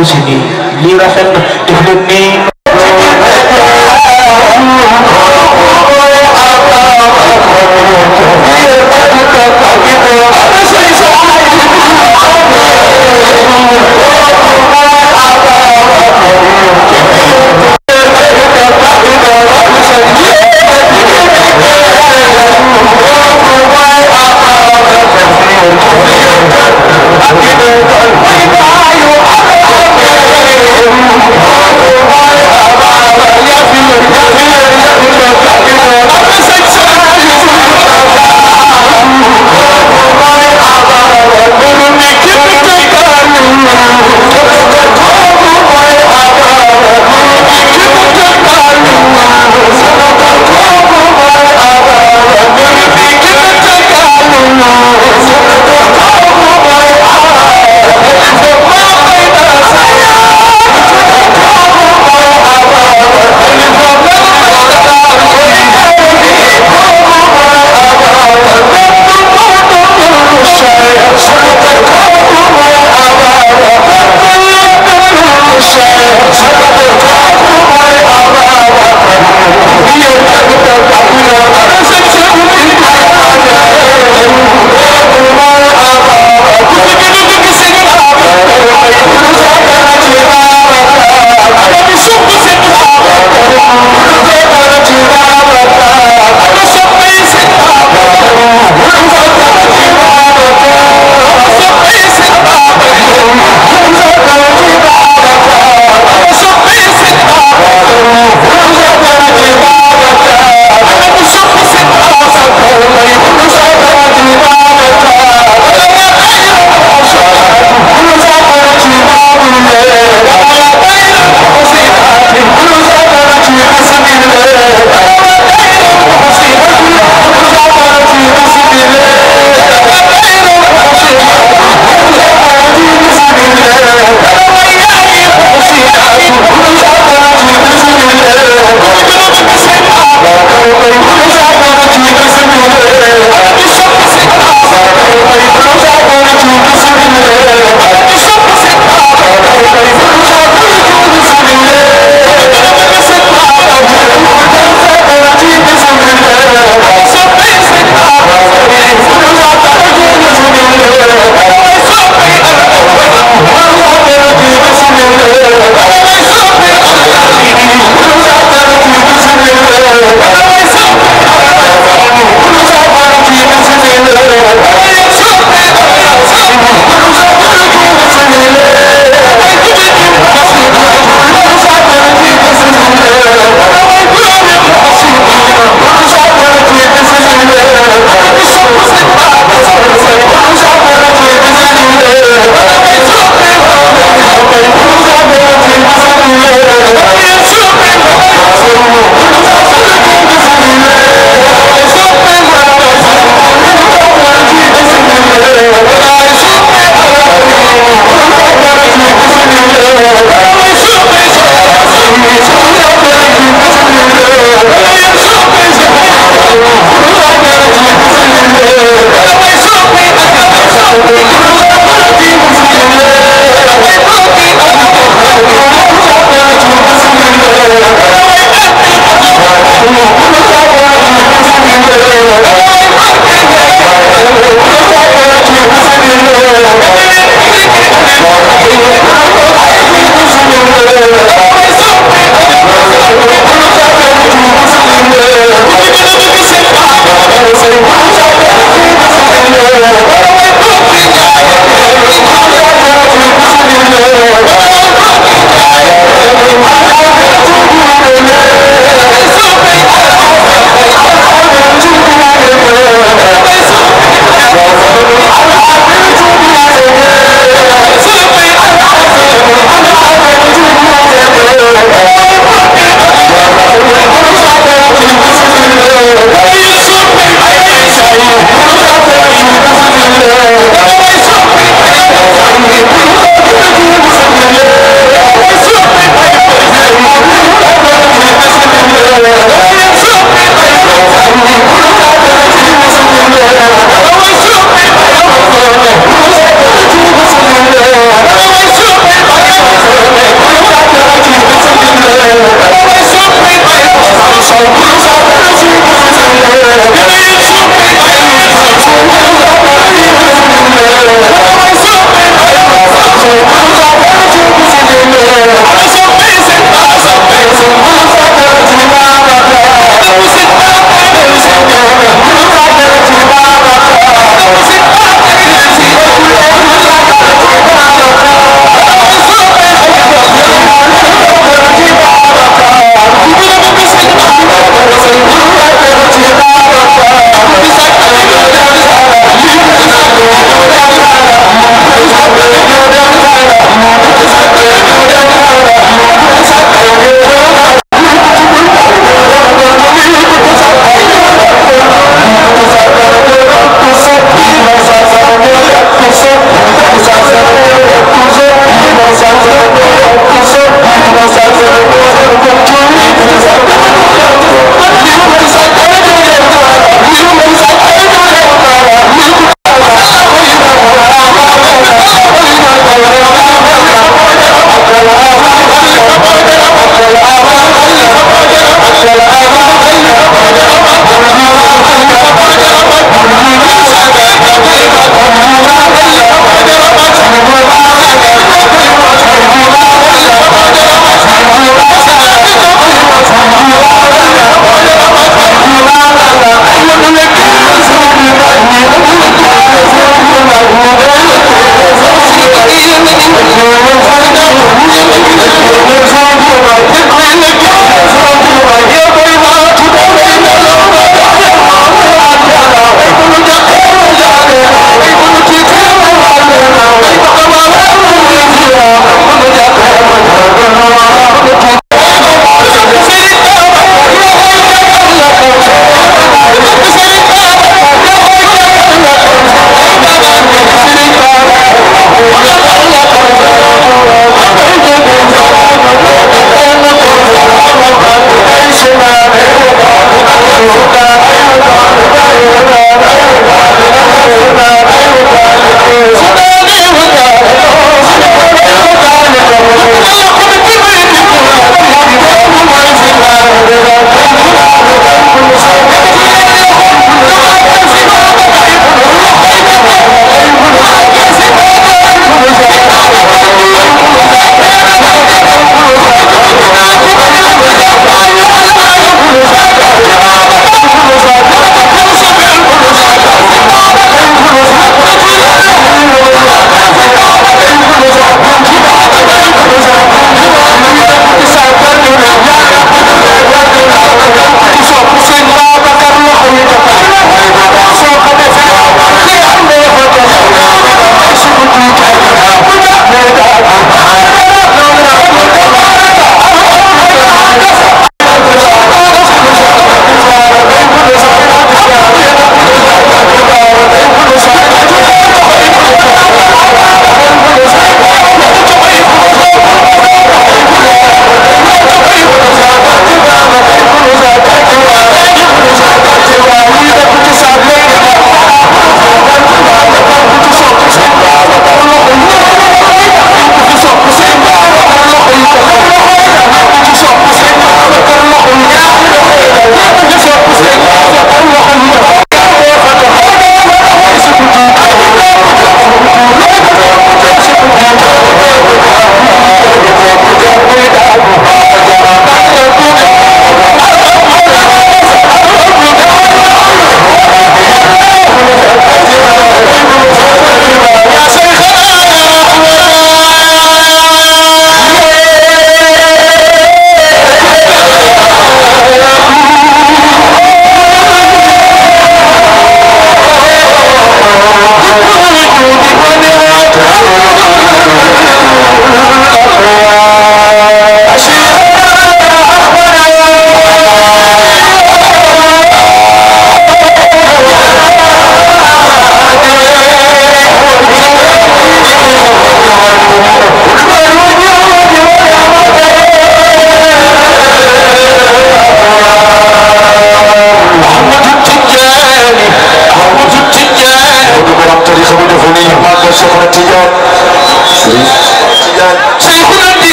कुछ नहीं ये वाला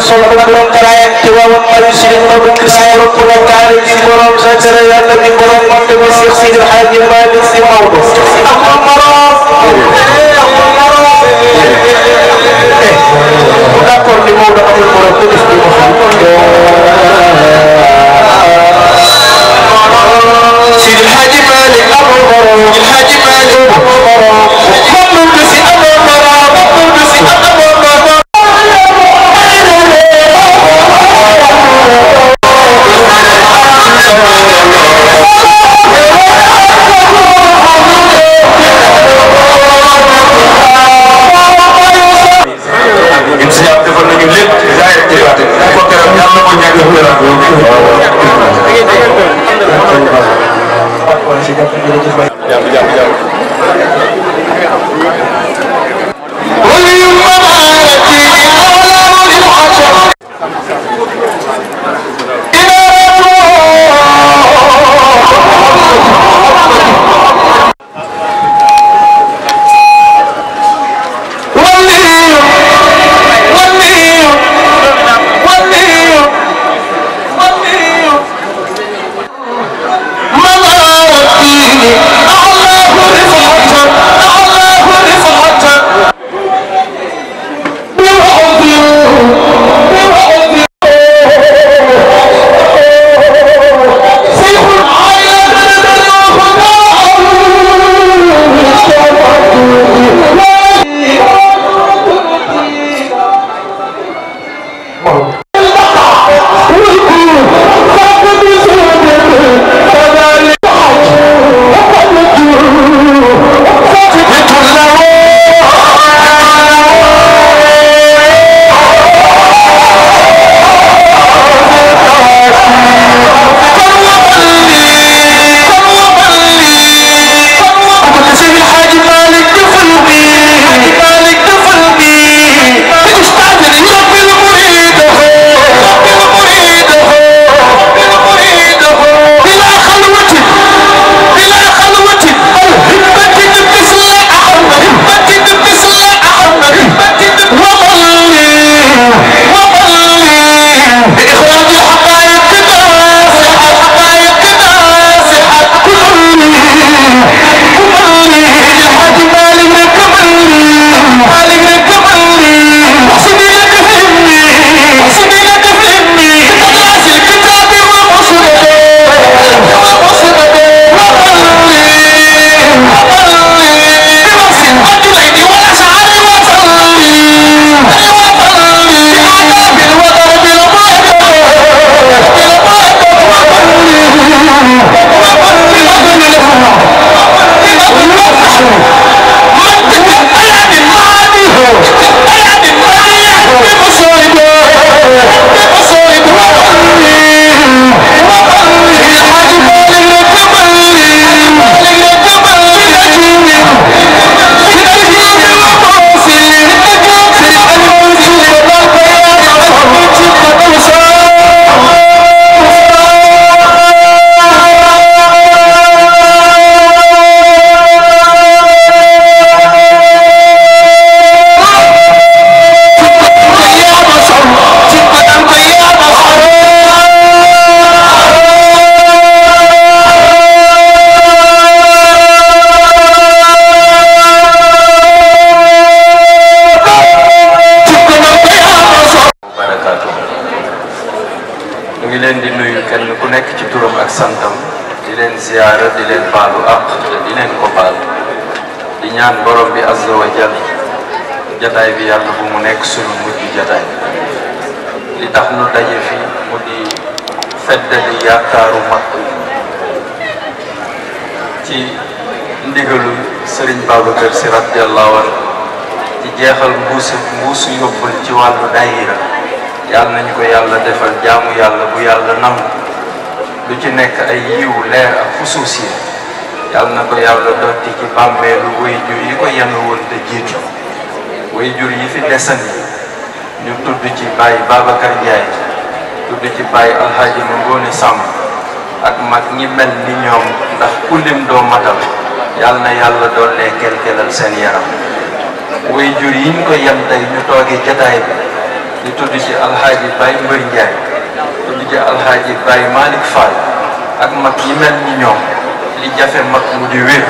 soxla taraayam ci waawam Aliou si liñ mën a si borom bu nekk Aliou si borom sa cere yàlla bi borom man de ma Cheikh Sidi Hadji Malick si Maodo. am na morom. am na morom. d'accord ni Maodo amul morom jataay bi yàlla bu mu nekk sunu mujj jataay li tax nu daje fi mu di feddali yaakaaru ci jeexal mbuusu mbuusu ci wàllu daayira yàlla nañu ko yàlla defal jaamu yàlla bu yàlla nangu lu ci nekk ay yiw leer ak xusuus yi yàlla na ko yàlla dotti ci bàmmeelu wéy ju yi ko yenn woon te jiitu way jur yi fi desan yi ñu tudd ci bàyyi Babacar Ndiaye tudd ci bàyyi alxaaji mu ngoone sàmm ak mag ñi mel ni ñoom ndax ku doo matal yàlla na yàlla doon lee kelkelal seen yaram way jur yi ñu ko yem tey ñu toogee jataay bi di tudd ci alxaaji Baye Mbër Ndiaye tudd ci alxaaji Baye Malick Fall ak mag ñi mel ni ñoom li jafe mag mu di wér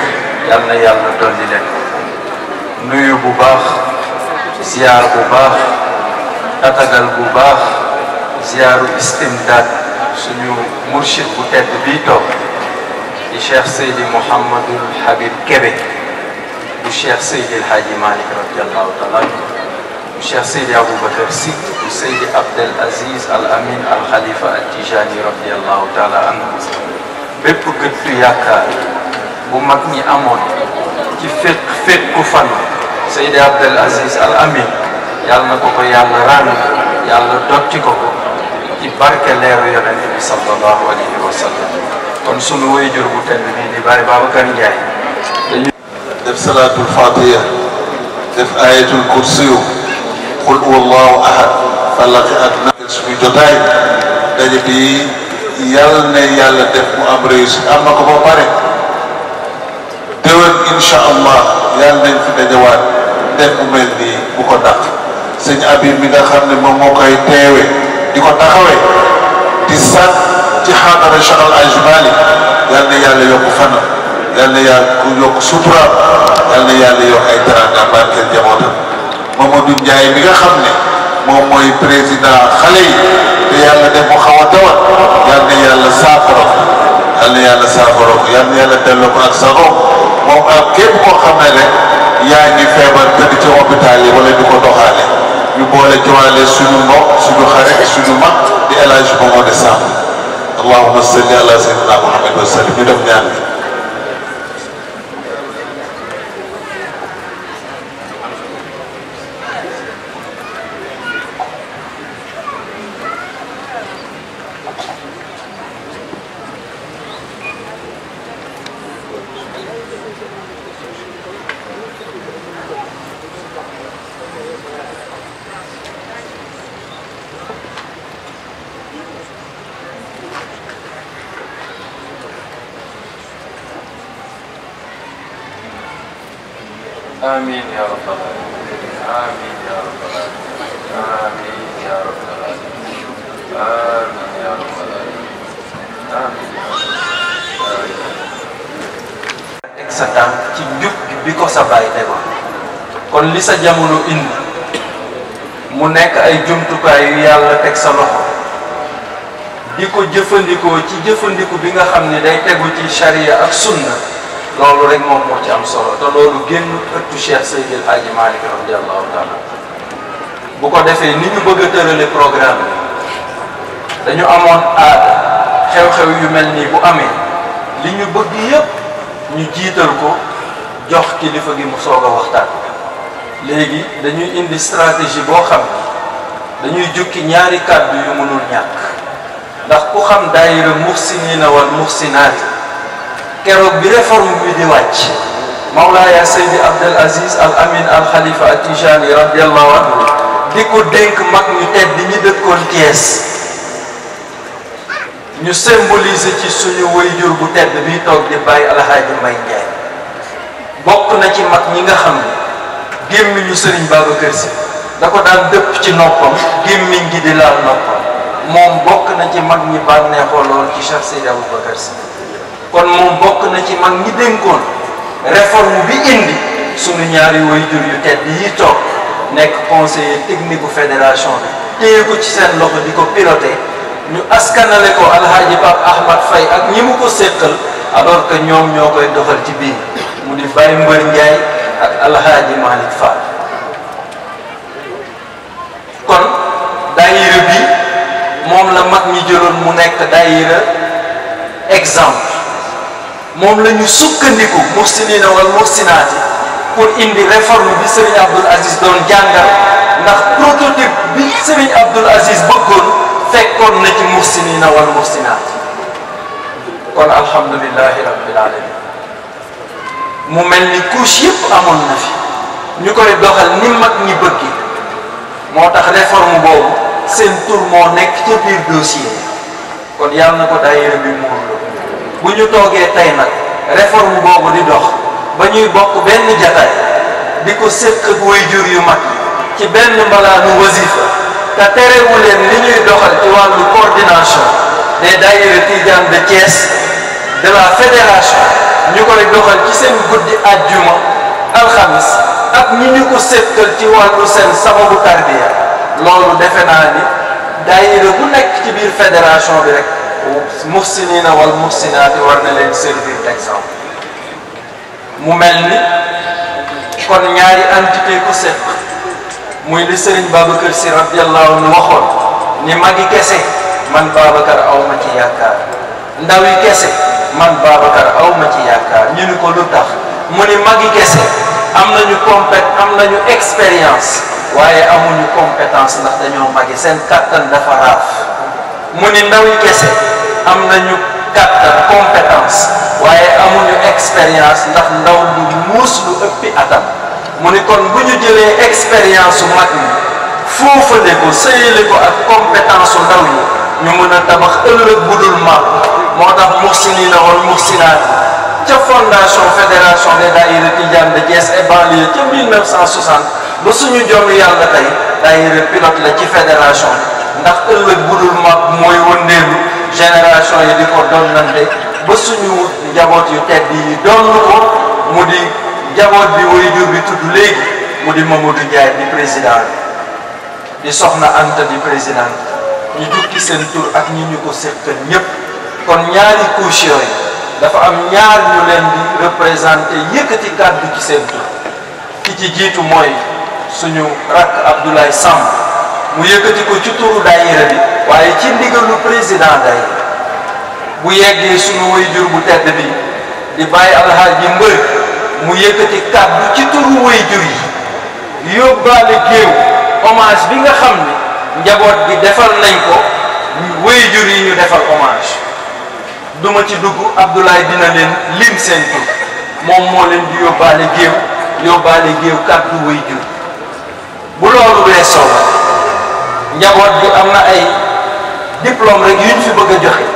yàlla na yàlla doon di leen nuyu bu baax زيار قباخ تتغل قباخ زيار استمداد سنو مرشد بوتد بيتو الشيخ سيدي محمد الحبيب كبه الشيخ سيدي الحاج مالك رضي الله تعالى الشيخ سيدي ابو بكر سيد وسيدي عبد العزيز الامين الخليفه التجاني رضي الله تعالى عنه بيب في ياكار بمكني امون كي فيك فيك Seydi Abdel Aziz Al Amin yàlla na ko ko yàlla ràññ yàlla dotti ko ko ci barke leeru yonent bi sallallahu alayhi wa sallam kon sunu waajur bu tedd bii di Baye Babacar Ndiaye dañu def salaatul fatiha def ayatul kursiyu qul huwallahu ahad falaqi adna suñu jotaay daje bi yàlla ne yàlla def mu am réussite am na ko ba pare déwén incha allah yàlla nañ fi dajawaat thème bu mel nii bu ko mi nga xam ne moom moo koy teewe di ko taxawee di sànq ci xaadara Cheikh Al Hadj Malick yal na yàlla yokk fanam yal na yàlla yokk suturaam yal na yàlla yokk ay teraanga barkeel njabootam Mamadou Ndiaye mi nga xam ne moom mooy président xale yi te yàlla def mu xaw a tawat yal na yàlla saafara yal na yàlla saafara yal na yàlla delloo ko ak sago Euh, képp koo xam ne rek yaa ngi feebar tëdd ci hôpital yi wala di ko doxaale ñu boole jowaale suñu mbokk suñu xarit suñu mag di El Hadj Momadou Samb allahumma salli ala sayyidina Muhammad wa sallim ñu def ñaan bi sa jamono indi mu nekk ay jumtukaay yu yàlla teg sa loxo di ko jëfandikoo ci jëfandiku bi nga xam ni day tegu ci sharia ak sunna loolu rek moom moo ci am solo te loolu génn ëttu Cheikh Seydil Hadji Malick radiallahu taala bu ko defee ni ñu bëgg tërale programme dañu amoon aada xew-xew yu mel nii bu amee li ñu bëgg yépp ñu jiital ko jox kilifa gi mu soog a waxtaan léegi dañuy indi stratégie boo xam dañuy jukki ñaari kàddu yu mënul ñàkk ndax ku xam daayira muxsinina wal muxsinaati keroog bi réforme bi di wàcc Mawlaaya Seydi Abdel Aziz Al Amin Al Khalifa Atijani radiallahu anhu di ko dénk mag ñu tedd ñi dëkkoon Thiès ñu symboliser ci suñu wayjur bu tedd bi toog di bàyyi alhaaji Mbay Njaay bokk na ci mag ñi nga xam ne gémmiñu sëriñ Babacar Si da ko daan dëpp ci noppam gemmi ngi di laal noppam moom bokk na ci mag ñi bànneexoo lool ci Cheikh Seydi Aboubacar Si kon moom bokk na ci mag ñi dénkoon réforme bi indi sunu ñaari waajur yu tedd yi toog nekk conseiller technique bu fédération bi téye ko ci seen loxo di ko piloté ñu askanale ko alhaaji bab Ahmad fay ak ñi mu ko séqal alors que ñoom ñoo koy doxal ci biir mu di Baye Mbër Ndiaye ak alxaaji Malick Fall bi moom la mag ñi jëloon mu nekk daayira example moom la ñu sukkandiku muhsinina wal muhsinaati pour indi réforme bi Serigne Abdoul Aziz doon jàngal ndax prototype bi Serigne Abdoul Aziz bëggoon fekkoon na ci muhsinina wal muhsinaati kon alhamdulillahi rabbil alamin mu mel ni couche yëpp amoon na fi ñu koy doxal ni mag ñi bëgg moo tax réforme boobu seen tur nekk ca biir kon yàlla ko daayira bi moom bu ñu toogee tey nag réforme boobu di dox ba ñuy bokk benn jataay di ko séq ak waajur yu mag ci benn mbalaanu wasifa te terewuleen li ñuy doxal ci wàllu coordination des daayira tijaan de Thiès de la fédération ñu rek doxal ci seen guddi àjjuma alxamis ak ñi ñu ko settal ci walu seen sababu tarbiya loolu defe naa ni daayira bu nekk ci biir fédération bi rek muhsinina wal muxsinaati war na leen servir d'exemple mu mel ni kon ñaari entité ko seq muy li Serigne Babacar Sy radiyallahu anhu waxoon ni magi kese man Babacar awma ci yaakaar ndawi kese man Babacar aw ma ci yaakaar ñu ni ko lu tax mu ni magi kese am nañu compét am nañu expérience waaye amuñu compétence ndax dañoo magi seen kàttan dafa raaf mu ni ndaw yi kese am nañu kàttan compétence waaye amuñu expérience ndax ndaw du muus lu ëppi atam mu ni kon bu ñu jëlee expérience su mag ñi foofale ko sëyale ko ak compétence su ndaw yi ñu mën a tabax ëllëg bu dul maam moo tax muxsinina wal muxsinaat ca fondation fédération des daayira tijaan de Thiès et banlieue ca ba suñu jom yàlla tey daayira pilote la ci fédération ndax ëllëg bu dul mag mooy wëndeelu génération yi di ko donnante ba suñu njaboot yu tedd yi doon ko mu di njaboot bi way jur bi tudd léegi mu di Mamadou Ndiaye di président di soxna Anta di président ñu jukki seen tur ak ñi ñu ko séqal ñëpp. kon ñaari couche yooyu dafa am ñaar ñu leen di représenté yëkkati kàddu ci seen tur ki ci jiitu mooy suñu rakk Abdoulaye Samb mu yëkkati ko ci turu daayira bi waaye ci ndigalu président daayira bu yeggee suñu waajur bu tedd bi di bàyyi alxaaji mbër mu yëkkati kàddu ci turu waajur yi yóbbaale géew hommage bi nga xam ne njaboot bi defal nañ ko waajur yi ñu defal hommage duma ci dugg Abdoulaye dina leen lim seen tur moom moo leen di yóbbaale géew yóbbaale géew kàddu way jur bu loolu weesoo njaboot bi am na ay diplôme rek yuñ fi bëgg a joxe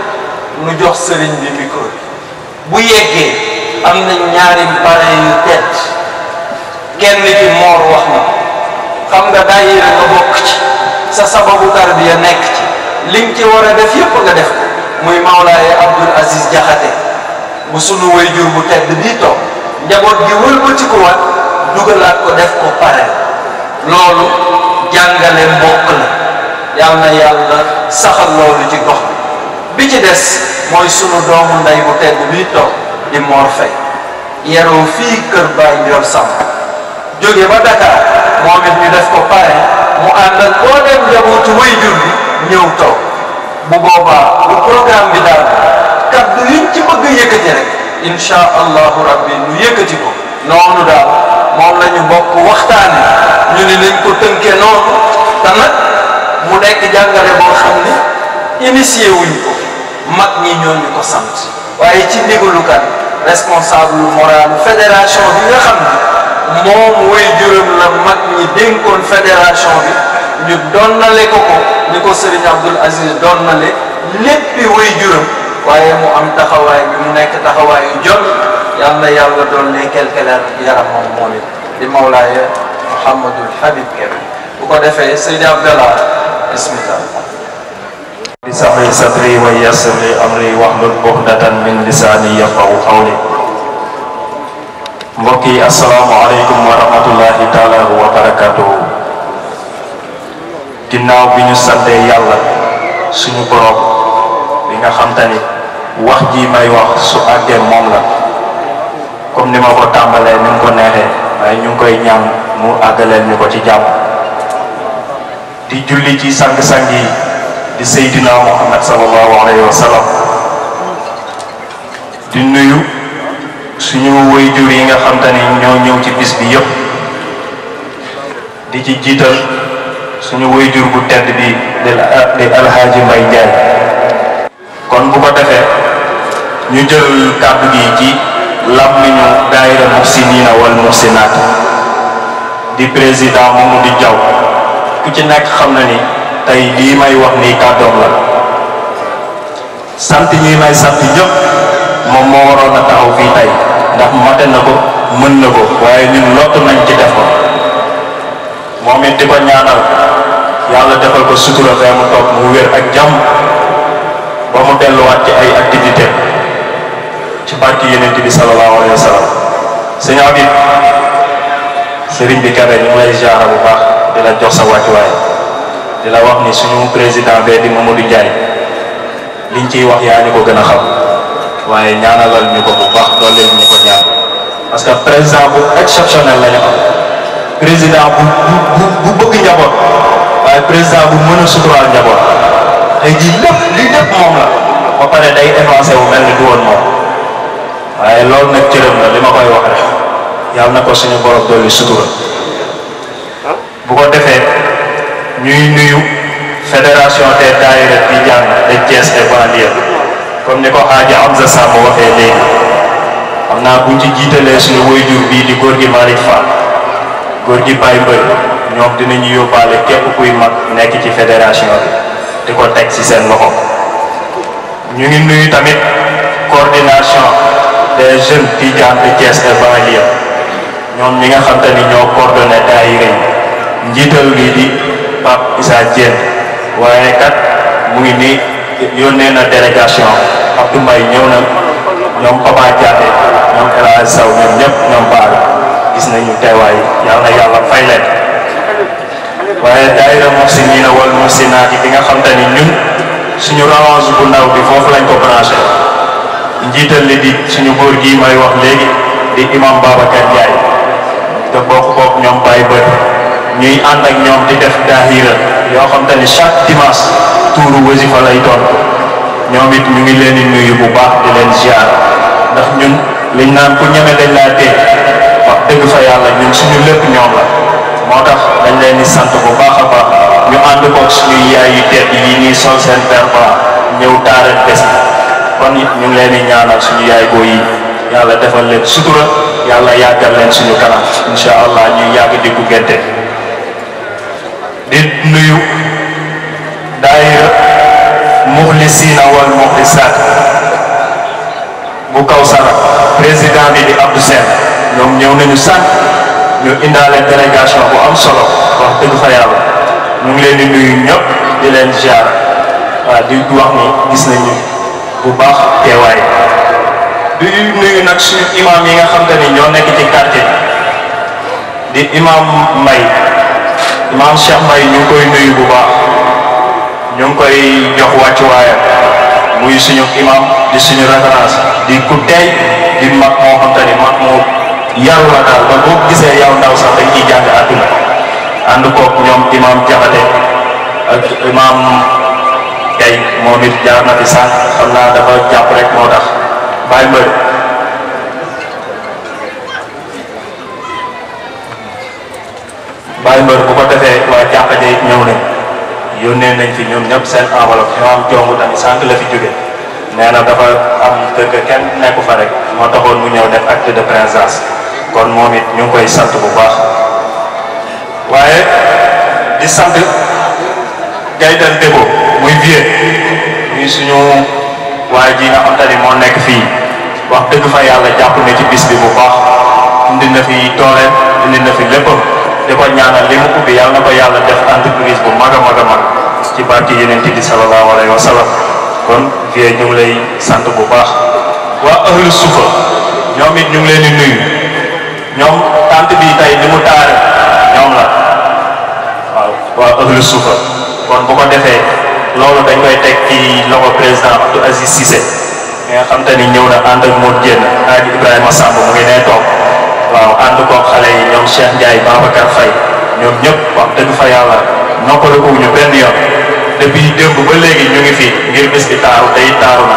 nu jox sëriñ bi micro bu yeggee am na ñaari parrain yu tedd kenn ki moor wax na xam nga daayira nga bokk ci sa sababu tarbiya nekk ci liñ ci war a def yépp nga def muy Mawlaaye Abdoul Aziz Jaxate bu sunu waajur bu tedd bii toog njaboot gi wëlbatikuwaat dugalaat ko def ko pare loolu jàngale mbokk la yal na yàlla saxal loolu ci gox bi bi ci des mooy sunu doomu ndey bu tedd bii toog di moo Faye yeroo fii kër Baay Ndiol Samb jóge ba Dakar moom it ñu def ko pare mu ànd ak boo dem njabootu waajur bi ñëw toog bu boobaa bu programme bi daal kaddu yiñ ci bëgg yëkkati rek incha allahu rabbi nu yëkkati ko noonu daal moom la ñu bokk waxtaane ñu ni nañ ko tënkee noonu te mu nekk jàngale boo xam ni initié ko mag ñi ñoo ñu ko sant waaye ci ndigalu kan responsable moral fédération bi nga xam ne moom way la mag ñi dénkoon fédération bi ñu donnale ko ko niko Serigne abdul Aziz doon na le léppi way juróom waye mu am taxaway bi mu nekk taxawaayu jot yal yalla yàlla doon ne kelkeler yaram moom mole di mawlaaye muhammadul Habib Kébé bu ko defee serigne abdalla bismillah بسم صدري ويسر لي امري واحلل عقدة من لساني يفقهوا qawli mbokki assalamu alaykum wa rahmatullahi taala wa barakatuh ginnaaw bi ñu santee yàlla suñu borom bi nga xam te wax ji may wax su àggee moom la comme ni ma ko tàmbalee ni mu ko neexee waaye ñu ngi koy ñaan mu àggaleel ñu ko ci jàmm di julli ci sang-sang yi di Seydina Muhammad sallallahu alayhi wa sallam di nuyu suñu waajur yi nga xam te ni ñoo ñëw ci bis bi yëpp di ci jiital suñu wayjur bu tedd bi di di alxaaji Mbay Njaay kon bu ko defee ñu jël kàddu gi ci làmmiñu na muxsinina wal muxsinaat di président Mamadou Diaw ku ci nekk xam na ni tey lii may wax nii kàddoom la sant ñi may sant ñëpp moom moo waroon a taxaw fii tey ndax mate na ko mën na ko waaye ñun lott nañ ci def ko moom it di ko ñaanal yàlla defal ko sutura bee mu mu wér ak jàmm ba mu delluwaat ci ay activité ci barki yonent bi sallallahu alayhi wa sallam sëñ Habib sëriñ bi Kébé ñu ngi lay bu baax dina jox sa wàccuwaay di la wax ni suñu président bee di moom Mamadou Ndiaye liñ ciy wax yaa ñu ko gën a xam waaye ñaanalal ñu ko bu baax dooleel ñu ko ñaan parce que président bu exceptionnel la am président bu bu bu bëgg njaboot. waaye président bu mën a suturaal njaboot tey jii lépp li lépp moom la ba pare day avancé wu mel ni du woon moom waaye loolu nag cëram la li ma koy wax rek yàlla na ko suñu borom dolli sutura bu ko defee ñuy nuyu fédération des daayira tijaan de Thiès et banlieue comme ni ko Hadji Hamza Samb waxee léegi xam naa buñ ci jiitalee suñu woy jur bii di góor gi Malick Fall góor gi Baye Mbaye ñoom dinañu yóbbaale képp kuy mag nekk ci fédération bi di ko teg ci seen loxo ñu ngi nuyu tamit coordination des jeunes tidianes de Thiès et ñoom ñi nga xam te ni ñoo coordonné daayira yi njiital lii di Pape Issa Diène waaye kat mu ngi nii yónnee na délégation Abdou Mbaye ñëw na ñoom Papa Diaté ñoom El Hadj Sow ñoom ñoom baal gis nañu teewaay yàlla yàlla fay leen waye daayira muhsinina wal muhsinaat yi bi nga xam te ñun suñu rawance bu ndaw bi fofu lañ ko branché njiital li di suñu góor gi may wax legi di imam Babacar jaay te bokk bokk ñom bàyyi ba ñuy and ak ñom di def daayira ya, yo xam te chaque dimanche tuuru wasifa lay doon ñom it ñu ngi leen di nuyu bu baax di leen ziar ndax ñun liñ naan ku ñeme dañ la dee wax dëgg fa yalla ñun suñu lepp ñom la moo tax dañ leen di sant bu baax a baax ñu ànd koog suñuy yaay yu tedd yi ñuy sol seen verba ñëw taaral bés bi kon ñu leen di ñaanal suñu yaay boo yi yàlla defal leen sutura yàlla yàggal leen suñu kanam incha allah ñuy yàgg di buggante di nuyu daayira muxlisiina wal muxlisaat bu kaw sara président bi di Abdou Sène ñoom ñëw nañu sant ñu indaale délégation bu am solo wax dëgg fa yàlla ñu ngi leen di nuyu ñëpp di leen ziar waaw di wax ni gis nañu bu baax teewaay di nuyu nag suñu imam yi nga xam te ni ñoo nekk ci quartier di imam Mbaye imam Cheikh Mbaye ñu ngi koy nuyu bu baax ñu ngi koy jox wàccuwaayam muy suñu imam di suñu référence di ku tey di mag moo xam mag moo yar la daal ba boo gisee yow ndaw sax dañ ciy jàng àdduna ànd kook ñoom imaam Jaxate ak imaam Gay moom it jaar na fi sax xam naa dafa jàpp rek moo tax bàyyi mbër bu ko defee waa jàppate it ñëw nañ yónnee nañ fi ñoom ñëpp seen enveloppe imaam tamit sànq la fi jóge nee na dafa am dëkk kenn nekku fa rek moo taxoon mu ñëw def acte de présence kon moom it ñu ngi koy sant bu baax waaye di sant Gaydane Debo muy vieux muy suñu waaye ji nga xam te ni moo nekk fii wax dëgg fa yàlla jàpp na ci bis bi bu baax indi na fi doole indi na fi lépp di ko ñaanal li mu ubbi yàlla na yàlla def entreprise bu mag a mag ci barke yeneen bi sallallahu alayhi wa sallam kon vieux lay sant bu baax waa nuyu ñoom tant bi tey ni mu taare ñoom la waaw waa ëglu suufa kon bu ko defee loolu dañ koy teg ci loxo président Abdou Aziz Cissé mi nga xam te ni ñëw na ànd ak Modou Dieng Aji Ibrahima Samb mu ngi nee toog waaw ànd koog xale yi ñoom Cheikh Ndiaye Babacar Faye ñoom ñëpp wax dëgg fa yàlla noppalu ko ñu benn yoon depuis démb ba léegi ñu ngi fi ngir bis bi taaru day taaru na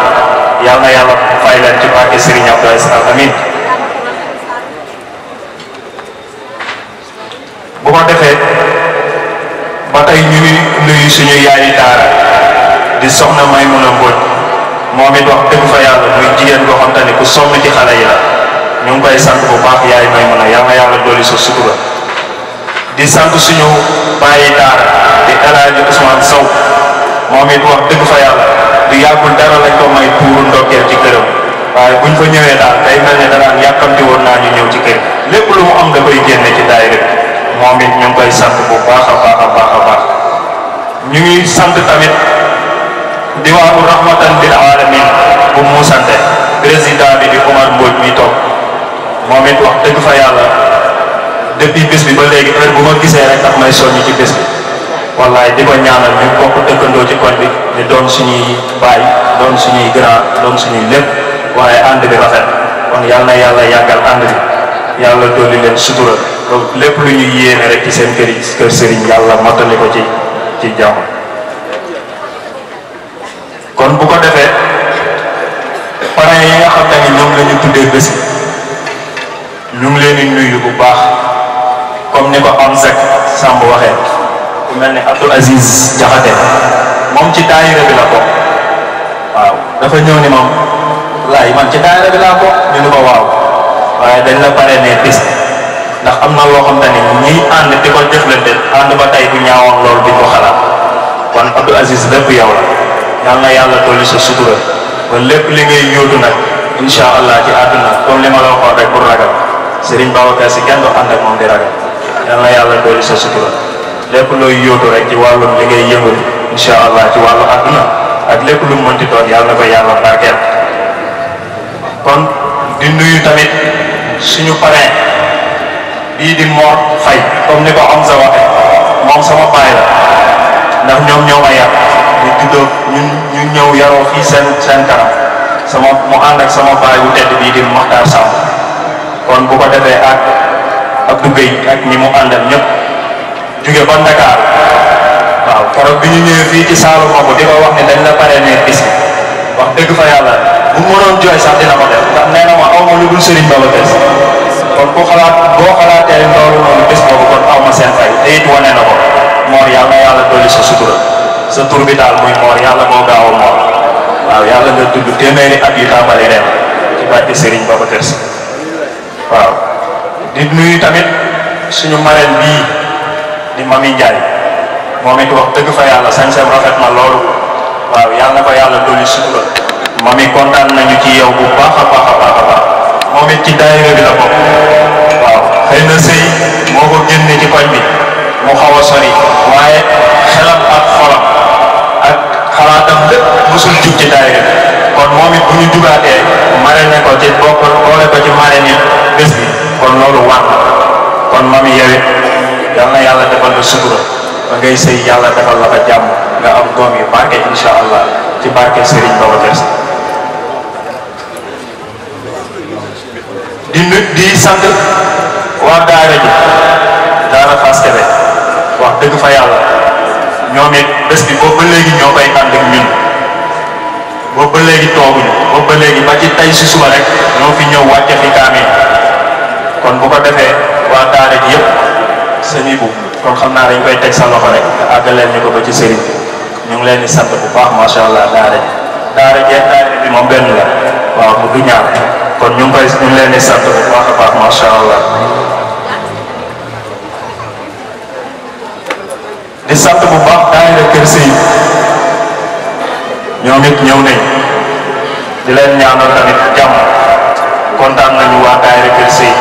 yàlla na yàlla fay leen ci barke Serigne Abdou Aziz Amin boo ko defee ba tey ñu ngi nuyu suñu yaayi daara di soxna a Mbodj moom it wax dëgg fa yàlla muy jigéen boo xam te ne ku sonn ci xale yi la ñu ngi koy sant bu baax yaay Maymuna yàlla yàlla dolli sa sutura di sant suñu bàyyi daara di El Hadj Ousmane Sow moom it wax dëgg fa yàlla du yàggul dara lañ ko may tuuru ndokkeel ci këram waaye buñ fa ñëwee daal day mel ne danaan yàkkamti woon naa ñu ñëw ci kër lépp lu mu am da koy génne ci daay bi momit ñu koy sant bu baaxa baaxa baaxa baax ñu ngi sant tamit diwaanu rahmatan bil alamin bu mu sante président bi di Omar Mbodj mi tok momit wax deug fa yalla depuis bis bi ba légui heure bu ma gisé rek tax may soñu ci bis bi wallahi di ko ñaanal ñu bokk dëkkandoo ci kon bi ni doon suñu bay doon suñu grand doon suñu lepp waye and bi rafet kon yalla yalla yagal and bi yalla dolli len sutural donc lépp lu ñuy yéene rek seen kër kër sëriñ yàlla mottali ko ci ci jàmm kon bu ko defee parrain yi nga xam ne ñoom la ñu tuddee bés ñu ngi leen di nuyu bu baax comme ni ko am sec Samb waxee ku mel ni Abdou Aziz Jaxate moom ci daayira bi la ko waaw dafa ñëw ni moom laay man ci daayira bi laa ko ñu ko waaw waaye dañ la parrainé bis ndax am na loo xam te ni ñiy ànd di ko jëflante ànd ba tey bu ñaawoon loolu di ko xalaat kon Abdou Aziz lépp yow la yal na yàlla dolli sa sutura ba lépp li ngay yóotu nag incha allah ci àdduna comme li ma la waxoon rek pour ragal Serigne di ragal yal na yàlla dolli sa sutura lépp looy yóotu rek ci wàllu li ngay yëngu incha allah ci wàllu àdduna ak lépp lu mu mënti doon yàlla ko yàlla barkeel kon di nuyu tamit suñu parrain. di di Mor Fay comme ne ko am sa waxee mom sama baay la ndax ñom ñoo ma yar ñu tuddo ñun ñu ñëw yaroo fi sen sen kanam sama mo and ak sama baay bu tedd bi di Mokhtar sa kon bu ko defé ak ak Dubey ak ñi mu andal ñep jóge ba Dakar waaw keroog bi ñu ñew fi ci saalu Mabou di ko wax ni dañ la paré né bis wax dëgg fa yalla mënoon jooy sax dina ko def ndax nee ma aw lu dul baba des kon ku xalaat boo xalaatee loolu noonu bés boobu kon aw ma fay te it wane na ko moor yàlla na sa sutura sa tur bi daal muy moor gaaw waaw nga ci baba des waaw di nuyu tamit suñu di mami njaay moom wax dëgg fa yàlla sañ-sañ rafet na loolu waaw yàlla ko sutura mami kontan nañu ci yow ya, bu baax a baax momit ci daayira bi la bok waaw xeyna sey moko genné ci koñ bi mu xawa sori waye xelam ak xolam ak xalaatam lépp musul jug ci ya, daayira kon momit bu ñu dugaté maré na ko ci bokk boole ko ci maré ni bes bi kon lolu war kon mami yewé yalla yalla defal la sutura ba ngay sey yalla defal la ba jamm nga am doom yu barke insha allah ci barke sëriñ Babacar Si di di sant wa daara ji daara faskebe wax deug fa yalla ñoom it bés bi bo ba léegi ñokay koy ànd ak ñun boobu ba léegi ñu bo ba léegi ba ci tay si suba rek ñoo fi ñew wacce fi kaame kon bu ko defé wa daara ji yépp sëñ bu kon xamna dañ koy tek sa loxo rek àggaleel ñu ko ba ci sëriñ ñu ngi leen di sant bu baax ma sha allah daara ji daara ji daara ji moom benn la waaw bu du ñaar kon ñu ngi koy ñu ngi leen di sant bu baax a baax macha allah di sant bu baax daayira kër sëy ñoom it di leen ñaanal tamit jàmm kontaan nañu waa daayira kër sëy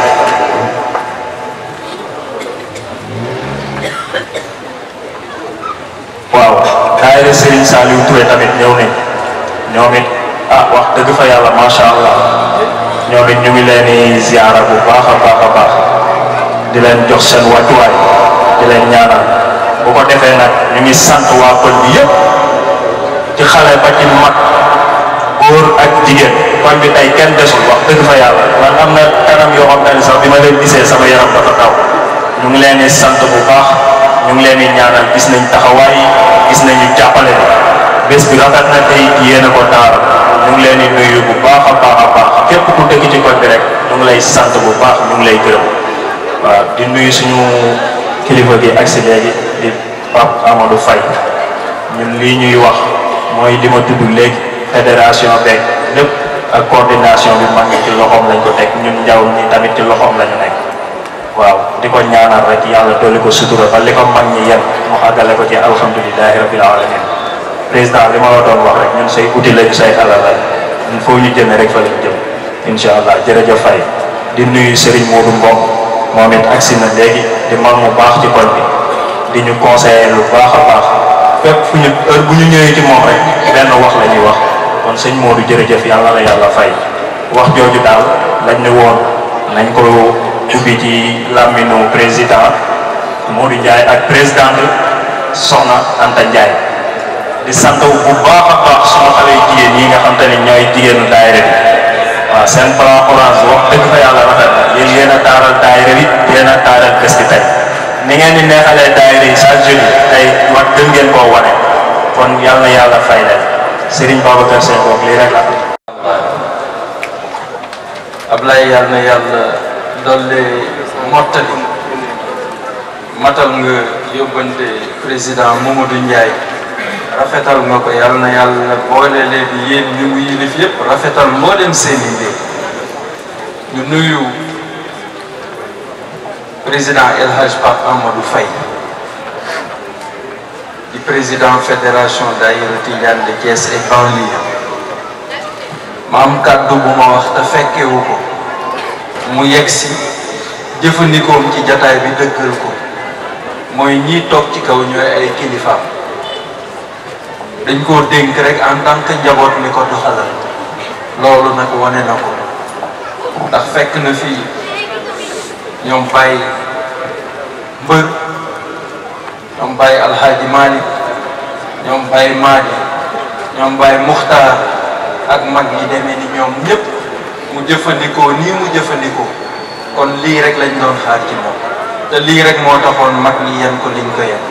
waaw daayira Serigne Saliou Touré tamit ñëw nañ ñoom ah wax dëgg fa yàlla macha allah. ñoom ñu ngi leen di ziara bu baax a baax a baax di leen jox seen wàccuwaay di leen ñaanal bu ko defee nag ñu ngi sant waa pël bi yëpp ci xale ba ci mag góor ak jigéen koñ bi tey kenn desul wax dëgg fa yàlla man am na kanam yoo xam ne sax bi ma leen gisee sama yaram dafa taw ñu ngi leen di sant bu baax ñu ngi leen di ñaanal gis nañ taxawaay gis nañu jàppale bés bi rafet na tey iya, yéen a ko taaral ñu ngi leen di nuyu bu baax a baax a baax képp ku dëkk ci koñ bi rek ñu ngi lay sant bu baax ñu ngi lay gërëm waaw di nuyu suñu kilifa gi agsi léegi di Pape Amadou Faye ñun lii ñuy wax mooy li ma tudd léegi fédération beeg lépp ak coordination bi mag ñi ci loxoom lañ ko teg ñun njaw ñi tamit ci loxoom lañu nekk waaw di ko ñaanal rek yàlla dolli ko sutura ba li ko mag ñi yem mu àggale ko ci alhamdulilahi rabbil alamin président li ma la doon wax rek ñun say outil lañu say alal incha allah jërëjëf fay di nuyu Serigne Modou Mbong moom agsi na léegi di mag mu baax ci koñ bi di ñu conseiller lu baax a baax fépp fu ñu bu ñu ñëwee ci moom rek benn wax lañuy wax kon sëñ Modou jërëjëf yàlla la yàlla fay wax jooju daal lañ ne woon nañ ko ubbi ci làmminu président Modou Ndiaye ak présidente Soxna Anta Ndiaye di sant bu baax a baax suma xale jigéen yi nga xam te ne ñooy jigéenu daayira bi waaw seen plan orange wax dëgg fa yàlla rafet na yéen a taaral daayira yi yéen taaral bés bi tey ni ngeen di neexalee daayira yi chaque jour tey wax gën koo wane kon yal na yàlla fay leen Serigne Babacar Sène boog lii rek la. Ablaye yal na yàlla dolli mottali matal nga yóbbante président Mamadou Ndiaye. rafetal nga ko yàlla na yàlla boole leen yéen ñu ngi yilif yëpp rafetal mboolem seen i mbir ñu nuyu président El Hadj Pape Amadou Faye di président fédération daïra Tidiane de Thiès et banlieue ma am kàddu bu ma wax te fekkewu ko mu yegg si jëfandikoom ci jataay bi dëggal ko mooy ñii toog ci kaw ñooy ay kilifaam dañ koo dénk rek en tant que njaboot ni ko doxalal loolu nag wane na ko ndax fekk na fii ñoom bàyyi Mbër ñoom Baye Alxaaji Malick ñoom Baye Maadi ñoom Baye Muxtaar ak mag yi deme ni ñoom ñëpp mu jëfandikoo nii mu jëfandikoo kon lii rek lañ doon xaar ci moom te lii rek moo taxoon mag ñi yan ko liñ ko yan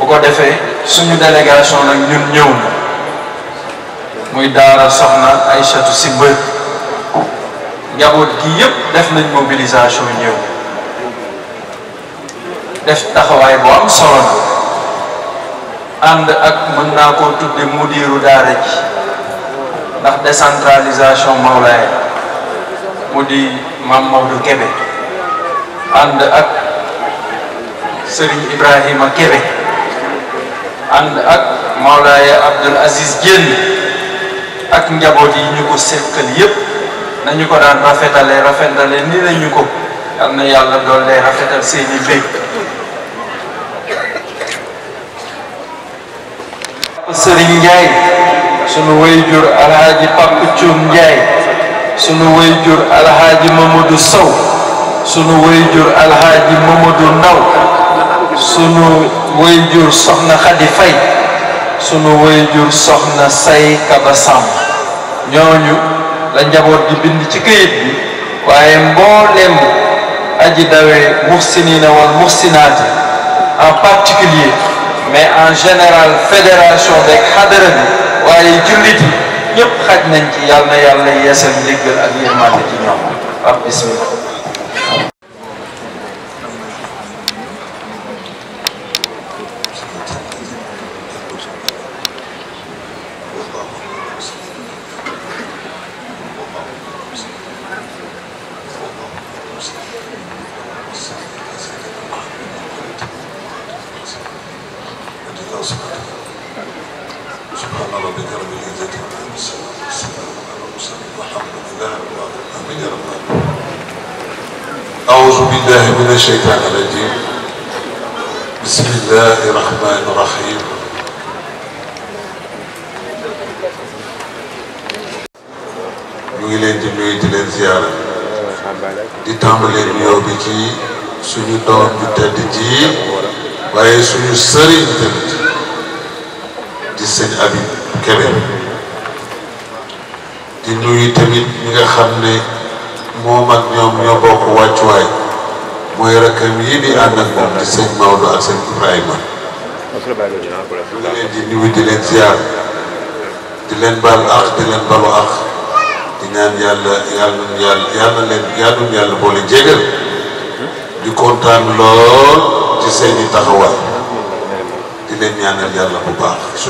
bu ko defee suñu délégation nag ñun ñëw na muy daara soxna Aïchatou si bët njaboot gi yëpp def nañ mobilisation ñëw def taxawaay bu am solo na ànd ak mën naa koo tudde mudiru daara ji ndax décentralisation Mawlaay mu di Maam Maodo ànd ak Serigne Ibrahima Kébé ànd ak Mawlaaya Abdul Aziz Diène ak njaboot yi ñu ko seqal yépp nañu ko daan rafetale rafetale ni lañu ko am na yàlla doon lay rafetal seeni mbég Sëriñ Njaay sunu wayjur alhaaji Papp Cuum Njaay sunu wayjur alhaaji Mamadou Sow sunu wayjur alhaaji Mamadou Ndaw sunu way jur soxna Xadi Fay sunu way jur soxna say Kaba Samb ñooñu la njaboot gi bind ci këyit bi waaye mboolem aji dawe muxsinina wal muxsinaati en particulier mais en général fédération beeg xadara bi waaye jullit yi ñëpp xaj nañ ci yàlla na yàlla yeesal njëggal ak yërmande ci ñoom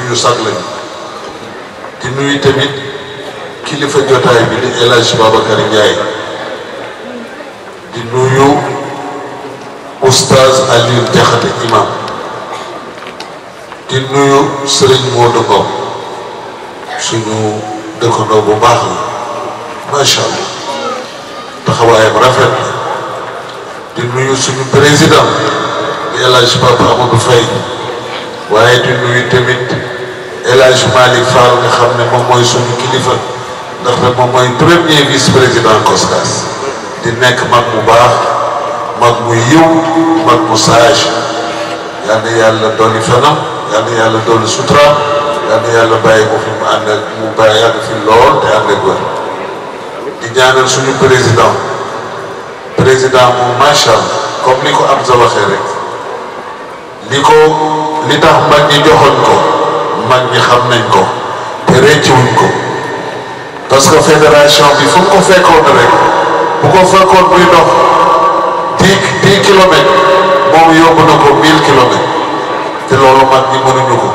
yu sag lañ di nuyu tamit kilifa jotaay bi di El Hadj di nuyu oustaz Aliou Diakhaté imam di nuyu Serigne Modou Ngom suñu dëkkandoo bu baax la macha allah taxawaayam rafet na di nuyu suñu président di El Hadj Papa Amadou waaye di nuyu tamit. El Hadj Malick Fall nga xam ne moom mooy suñu kilifa ndaxte moom mooy premier vice président COSCAS di nekk mag mu baax mag mu yiw mag mu sage yal na yàlla dolli fanam yal na yàlla dolli sutura yal na yàlla bàyyi ko fi mu ànd ak mu bàyyi ànd fi lool te ànd ak wér di ñaanal suñu président président moom macha allah comme ni ko am sa waxee rek li ko li tax mag ñi joxoon ko. mag ñi xam nañ ko te réccuwuñ ko parce que fédération bi fu mu ko fekkoon rek bu ko fekkoon muy dox dix dix kilomètres moom yóbbu na ko mille kilomètres te loolu mag ñi mënuñu ko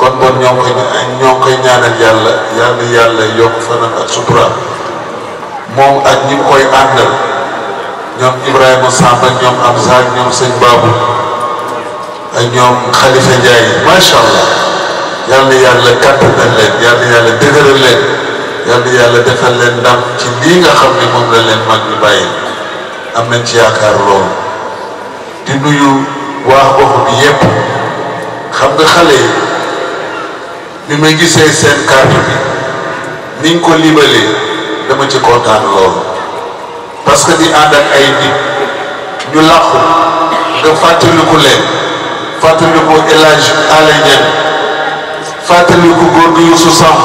kon bon ñoo ngi koy ñoo ngi koy ñaanal yàlla yal na yàlla yokk fanam ak sutura moom ak ñi mu koy àndal ñoom Ibrahima Samba ñoom Amza ñoom sëñ Babou ak ñoom Khalifa Ndiaye macha allah. yal yàlla kattanal leen yal na yàlla dëgëral leen yal yàlla defal leen ndam ci lii nga xam ni moom la leen mag ñu bàyyi am nañ ci yaakaar loolu di nuyu waa gox yépp xam nga xale yi ni ma gisee seen carte bi niñ ko libalee dama ci kontaan loolu parce que di ànd ak ay nit ñu làqu nga fàttaliku leen fàttaliku élage àla ñen fàttaliku góor gi Yuusu Samb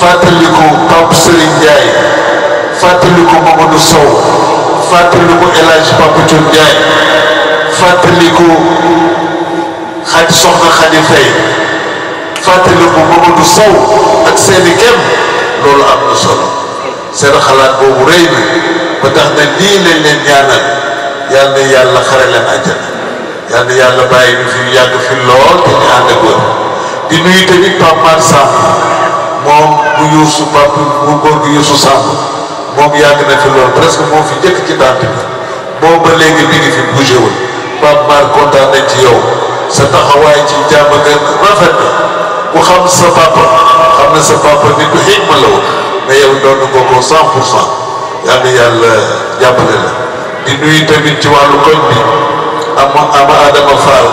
fàttaliku Pape Serigne Ndiaye fàttaliku Mamadou Sow fàttaliku El Hadj Papa Thion Ndiaye soxna Xadi Fay fàttaliku Mamadou Sow ak seeni kem loolu am na solo seen xalaat boobu rëy na ba tax na nii lañ leen ñaanal yal na yàlla xare leen àjjana yal na yàlla bàyyi fi yàgg di nuyu tamit Pape Mar Samb moom bu Youssou Pape bu góor gi Youssou Samb moom yàgg na fi lool presque moo fi njëkk ci dant bi boo ba léegi mi ngi fi bougé wul Mar kontaan nañ ci yow sa taxawaay ci jàmm gën rafet na ku xam sa papa xam sa nit ku xigma la woon mais yow doon ko ko cent pour cent yal na yàlla jàppale la di nuyu tamit ci wàllu koñ bi ama ama Adama Fall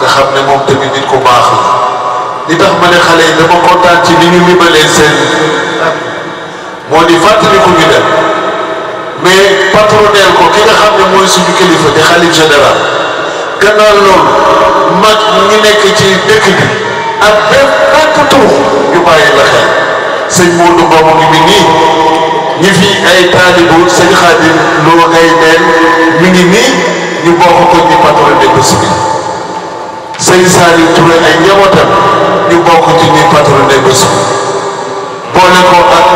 nga xam ne moom tamit nit ku baax li tax ma ne xale yi dama kontaan ci ni ñu limalee seen moo di fàttali ko ñu dem mais patronel ko ki xam ne mooy suñu kilifa di xalif général gannaaw loolu mag ñi nekk ci dëkk bi ak bépp bépp tuux ñu bàyyi la xel sëñ Modou Mbamu ngi mi nii ñi fi ay taalibu sëñ Xaadim loo ay neen mi ngi nii ñu bokk ko ñu patronel ko si sëñ Saliou Touré ay njabootam ñu bokk ci ñuy patronné bés boole ko ak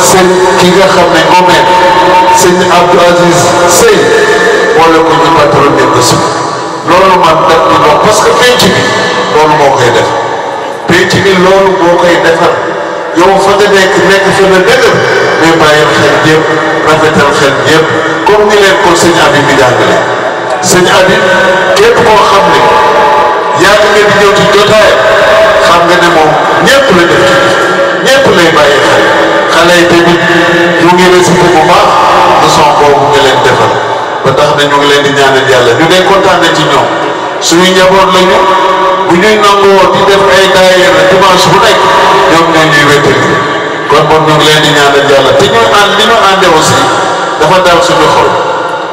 sëñ ki nga xam ne moomee sëñ Abdou Aziz Sey boole ko ñu patronné bés loolu man daf di bokk parce que penc bi moo koy def penc bi loolu moo koy defar yow fa nga nekk nekk fa nga dëgër mais xel yëpp rafetal xel yëpp comme ni leen ko sëñ Habib bi jàngale sëñ Habib képp koo xam ne. yaakaar ngeen di ñëw ci jotaay xam nga ne moom ñëpp la def ñëpp lay bàyyi xale yi tamit ñu ngi récité bu baax leçon boobu nga leen defal ba tax na ngi leen di ñaanal yàlla ñu dee kontaan ci ñoom suñu njaboot la ñu bu ñuy nangoo di def ay daayira dimanche bu nekk ñoom ñoo ñuy ngi leen di ñaanal yàlla te ñu ànd li ñu àndee aussi dafa daal suñu xol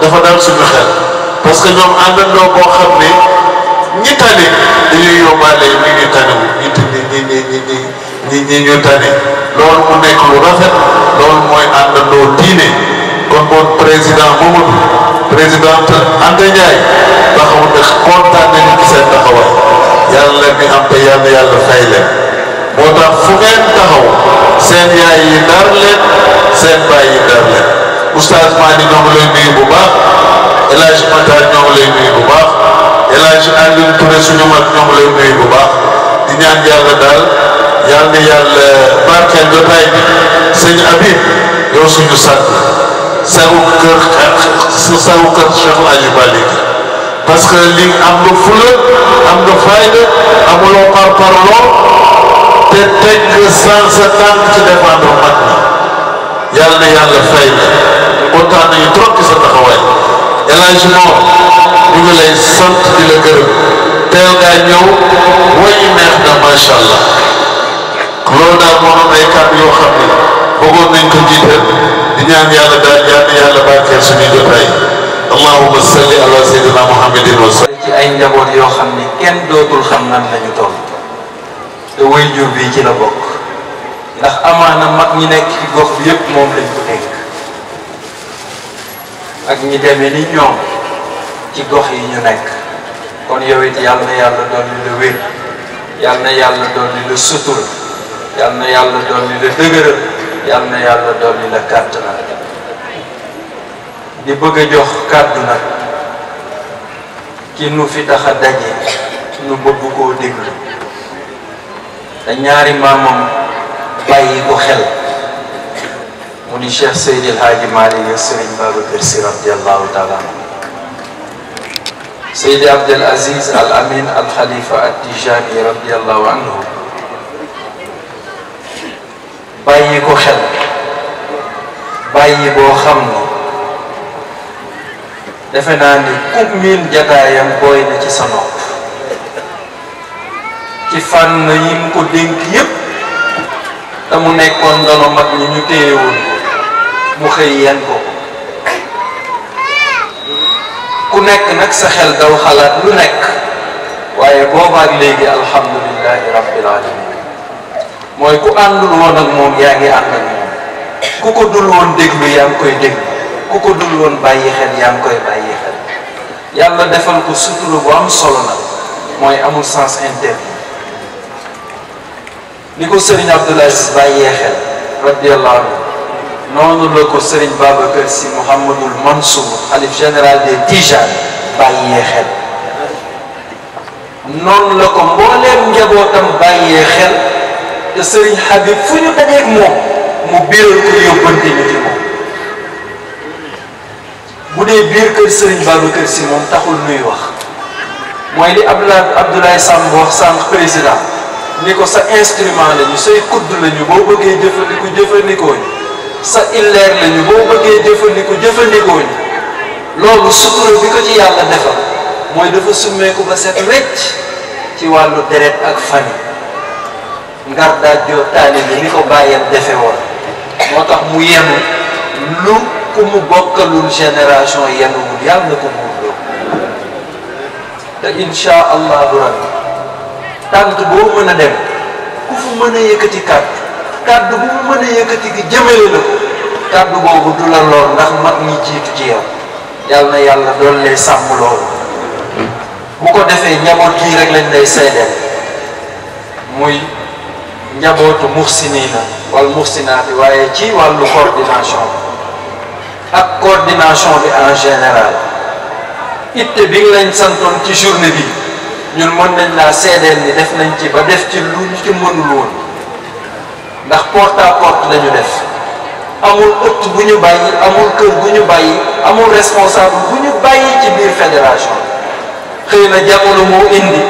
dafa daal suñu xel parce ñoom àndandoo boo xam ne. ñi tane dañuy yóbbaale ñi ñu tane ñi tane ñu tane loolu mu nekk lu rafet loolu mooy àndandoo diine kon boon président Mamadou présidente Anta taxaw na kontaan nañu seen taxawaay yàlla mi am te yàlla yàlla leen moo tax fu ngeen taxaw seen yaay yi dar leen seen baay yi dar leen oustaz Madi ñoo lay nuyu bu baax El Hadj Matar lay nuyu bu baax. El Hadj Alioune Touré suñu mag ñoom lay nuyu bu baax di ñaan yàlla daal yal na yàlla barkeel jotaay bi sëñ Habib yow suñu sànq sagu kër sagu kër Cheikh Hadji Malick parce que li am nga fula am nga fayda amuloo par parloo te teg sans sa tànk ci défendre mag ñi yal na yàlla fay la kontaan nañu trop ci sa taxawaay El Hadj Mor ñu ngi lay sant di la gërëm teel ngaa ñëw wayu neex na macha allah loolu daal moo am ay yoo xam ne bëggoon nañ ko jiital di ñaan yàlla daal yal na yàlla barkeel suñuy jotaay allahumma salli ala sayyidina muhammadin wa sallam ci ay njaboot yoo xam ne kenn dootul xam nan lañu toll te waajur bi ci la bokk ndax amaana mag ñi nekk ci gox bi moom lañ ko dénk ak ñi demee ni ñoom ci gox yi ñu nekk kon yow it yàlla na yàlla doon la wér yàlla na yàlla doon li la sutur yàlla yàlla doon la dëgëral yàlla yàlla doon li la kàttanal di bëgg a jox kàddu nag ki nu fi tax a daje nu bëgg koo déglu te ñaari maamam bàyyi ko xel mu di Cheikh Seydil Hadji Malick Serigne Babacar Sy radiyallahu taala سيدي عبد العزيز الامين الخليفه التيجاني رضي الله عنه باي كو خل باي بو خمنا دفنا ني كومين جتايام بوي ني سي سنوب تي فان نيم كو دينك ييب تامو نيكون دونو مات ني نيو تيي وون مو خيي يان كو ku nekk nag sa xel daw xalaat lu nekk waaye boobaak léegi alhamdulilahi rabbil alamin mooy ku àndul woon ak moom yaa ngi ànd ak moom ku ko dul woon déglu yaa ngi koy déglu ku ko dul woon bàyyi xel yaa koy bàyyi xel yàlla defal ko sutura bu am solo nag mooy amul sens interdit ni ko sëriñ Abdoul Aziz bàyyee xel radiyallahu anhu نون لوكو سيرين بابا بيرسي محمد المنصور خليف جنرال دي تيجان باي خل نون لوكو مولم جابوتام باي خل سيرين حبيب فنيو تاديك مو مو بيرو كو يوبنتي نيتي مو بودي بير كير سيرين بابا بيرسي مون تاخول نوي واخ موي لي عبد الله عبد الله سام واخ سام بريزيدان نيكو سا انسترومون لا ني سوي كود لا ني بو بوغي ديفاليكو ديفاليكو sa illeer nañu boo bëggee jëfandiku jëfandikoo ñu loolu sutura bi ko ci yàlla defal mooy dafa summeeku ba set wecc ci wàllu deret ak famille ngar daaj joo taalibe ko bàyyam defe woon moo tax mu yenu lu ku mu bokkalul génération yenuwul yàlla ko mu doo te insha allahu rabbi tànt boo mën a dem ku fu mën a yëkkati kàddu kàddu bu mu mën yëkkati gi jëmale la ko kàddu boobu du la lool ndax mag ñi jiitu ci yow yàlla na yàlla doon lay sàmm loolu bu ko defee njaboot gii rek lañ lay seedeel muy njabootu muxsiniina wal muxsinaati waaye ci wàllu coordination ak coordination bi en général itte bi nga lañ santoon ci journée bi ñun mën nañ laa seedeel ni def nañ ci ba def ci lu ñu ci mënul woon ndax porte à porte def amul ëtt bu ñu bàyyi amul kër bu ñu bàyyi amul responsable bu ñu bàyyi ci biir fédération xëy na jamono moo indi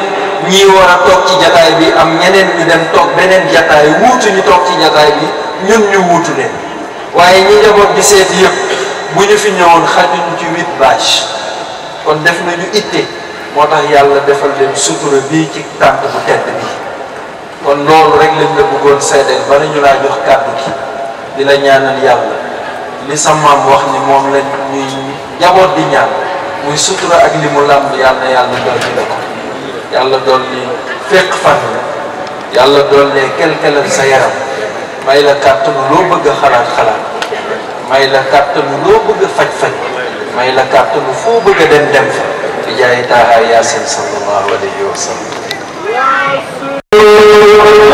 ñii war a toog ci jataay bi am ñeneen ñu dem toog beneen jataay wuutu ñu toog ci jataay bi ñun ñu wuutu leen waaye ñi njaboot bi yëpp bu ñu fi ñëwoon xajuñ ci huit bâche kon def nañu itte moo tax yàlla defal leen sutura bii ci tànt bu tedd bi kon loolu rek lañ la bëggoon seddeel bala ñu laa jox kàddu gi di la ñaanal yàlla li sa maam wax ni moom lañ ñuy njaboot bi ñaan muy sutura ak li mu làmb yàlla yàlla dool li la ko yàlla dool li fekk fan yàlla dool ne kelkelal sa yaram may la kàttanu loo bëgg xalaat xalaat may la kàttanu loo bëgg faj-faj may la kàttanu foo bëgg dem dem fa di jaay taaha yaasin sallallahu alayhi wa sallam Thank you.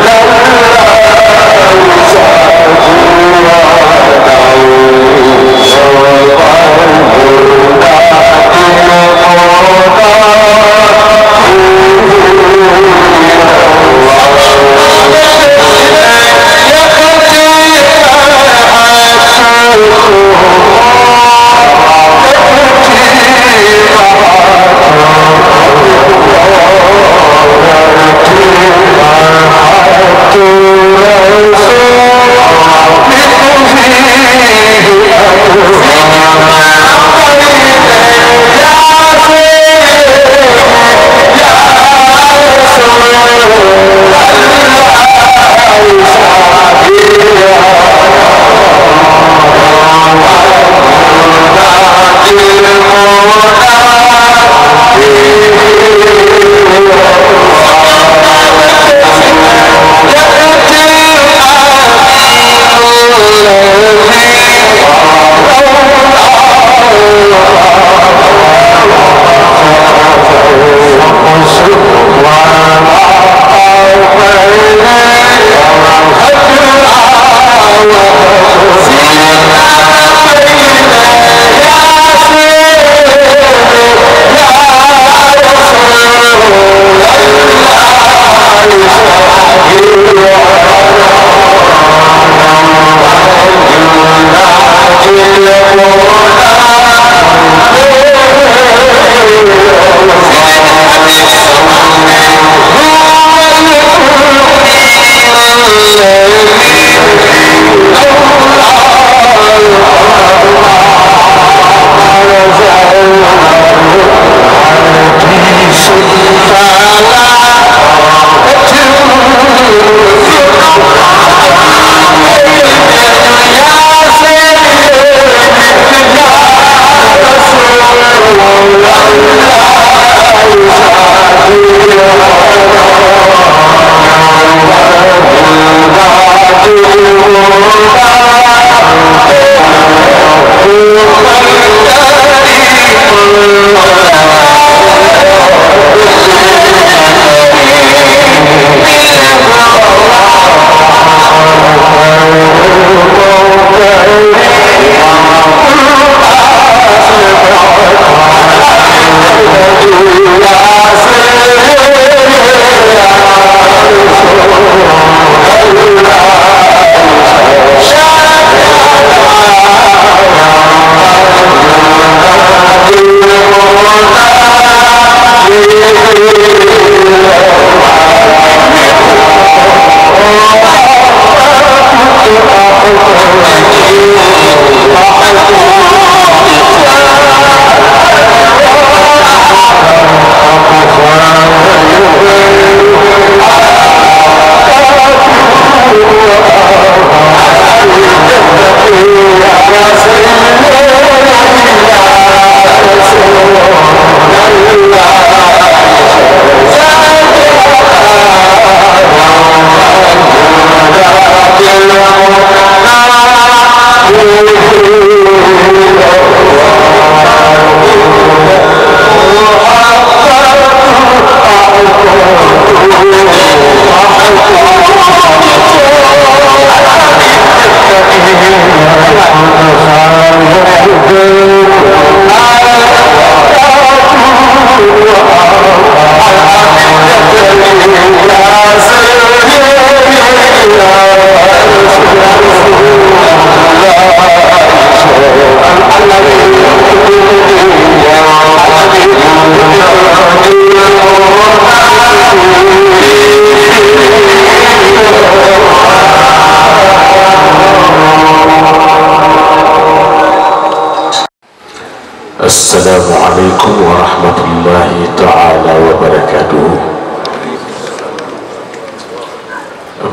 عليكم ورحمة الله تعالى وبركاته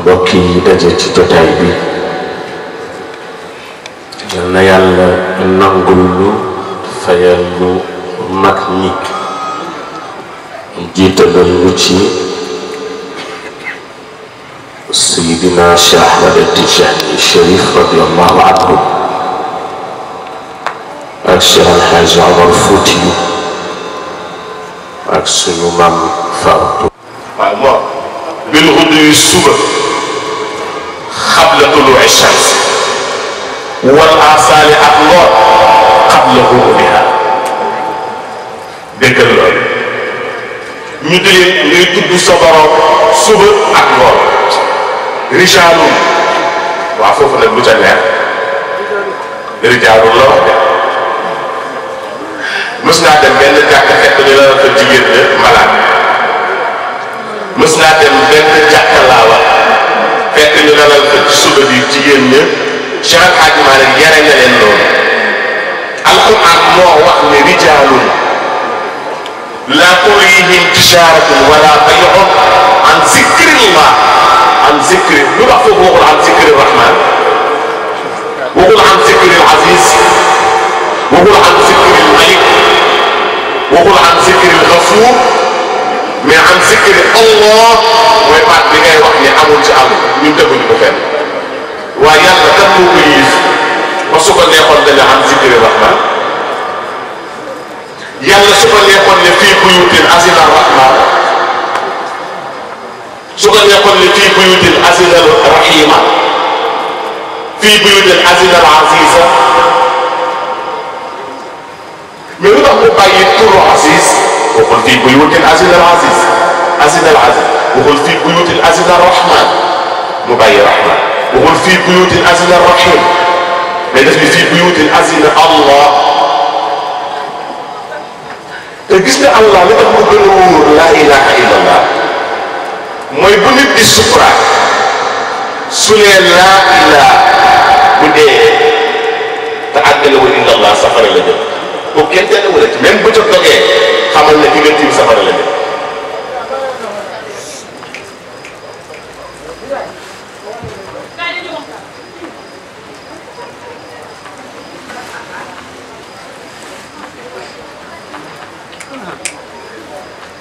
مكي دجت تتايبي جلنا يالا ننقل فيالو مكنيك جيت بالوشي سيدنا شيخ مدد الشريف رضي الله عنه أكسر الحاج عمر الفوتي أكسر مام فارتو أما بالغدو السبع قبل طلوع الشمس والآصال أقلال قبل غروبها déggal lool ñu di leen ngay tudd sa borom suba ak ngoon rijaalum waa foofu nag lu ca leer rijaalum la wax de mës naa dem benn jàkk fekk ñu la fa jigéen de malade mës naa dem benn jàkk laa wax fekk ñu la fa ci suba bi jigéen ña cheikh alhaji malik yare na leen loolu alquran moo wax ne rijaalun la tulihim tijaratun wala bayun an zikrillah an zikri lu tax foofu waxul an zikri rahman waxul an zikri aziz waxul an الرسول ما عم ذكر الله ويبعد بغير وحي عمو جعل ينتبه المكان ويلا تبو بيز وسوف اللي يقول للي عم ذكر الرحمن يلا سوف اللي يقول اللي في بيوت عزيز الرحمن سوف اللي يقول اللي في بيوت عزيز الرحيم في بيوت عزيز العزيزة من هو بيت كل عزيز, العزيز. وقل في بيوت العزيز العزيز عزيز العزيز وقل في بيوت العزيز الرحمن مبايع الرحمن وقل في بيوت العزيز الرحيم ما في بيوت العزيز الله تجسد الله لك بالنور لا إله إلا الله ما يبني بسفرة سلي لا إله بدي تعدل وإن الله سفر لجل وكنت أنا ولد من بجر بغير xamal ne diggante bi safara la jëm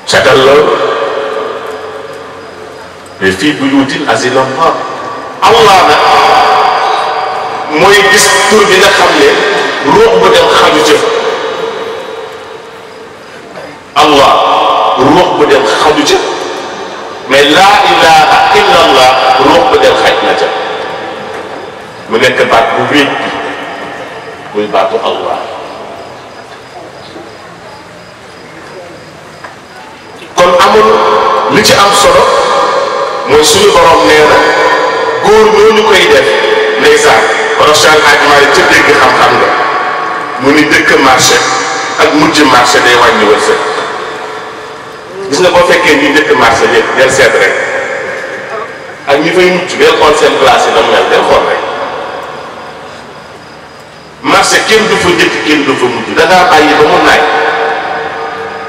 seetal loolu mais fii bu yuutin asina Allah Allah nag mooy gis tur bi nga xam ne ruux bu dem xaju jëf Allah dem xaj najat. ca mu nekk baat bu wéet allah kon amul li ci am solo mooy suñu borom nee na góor ñooñu koy def ndeysaan rochal ajmaari ca dégg xam-xam la mu ni dëkk marché ak mujj marché day wàññi wërsëg gis nga boo fekkee ñuy dëkk marché yëpp del seet rek ak ñi fay mucc del xool seen place yi dam mel del xool rek marché kenn du fa jëkk kenn du fa mujj dangaa bàyyi ba mu naaj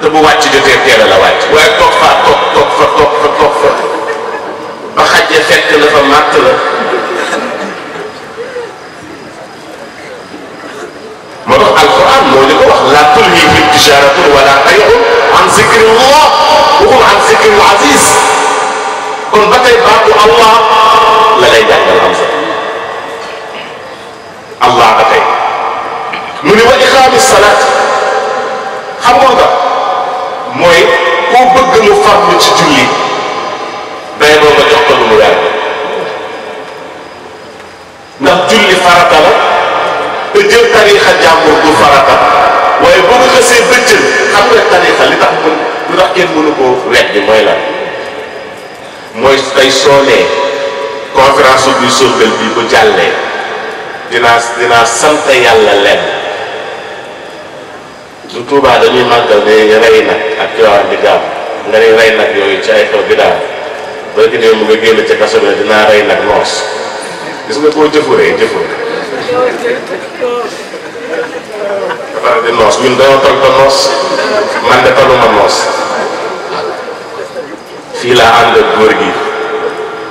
te bu wàcc jotee teel a la wàcc waaye toog fa toog toog fa toog fa toog fa ba xajje fekk la fa màtt la moo tax alquran moo ñu ko wax la tulhikum tijaratun wala bay'un an zikrillah waxul an zikril aziz kon ba tey allah la lay jàngal Hamza allah ba mu ne wa iqaami salaat xam nga mooy ku bëgg mu fàmm ci julli day doon nga jox ko lu mu weer ndax julli farata la te jël tariixa jàmbur du farata waaye boo ko xasee bëccël xam nga tariixa li tax mën lu tax kenn mënu koo wet bi mooy mooy tey soo nee conférence bi surgal bi bu jàllee dinaa dinaa sant yàlla lenn du Tuubaa dañuy màggal ne rey nag ak Tiwaawan di gàmm nga ne rey yooyu ci ay xew bi daal boo ko mu nga génn ca kaso bi dinaa rey nag noos gis nga koo jëfuree jëfur dafa di noos ñun dama tol ba noos man de taluma noos ila ande ànd ak góor gi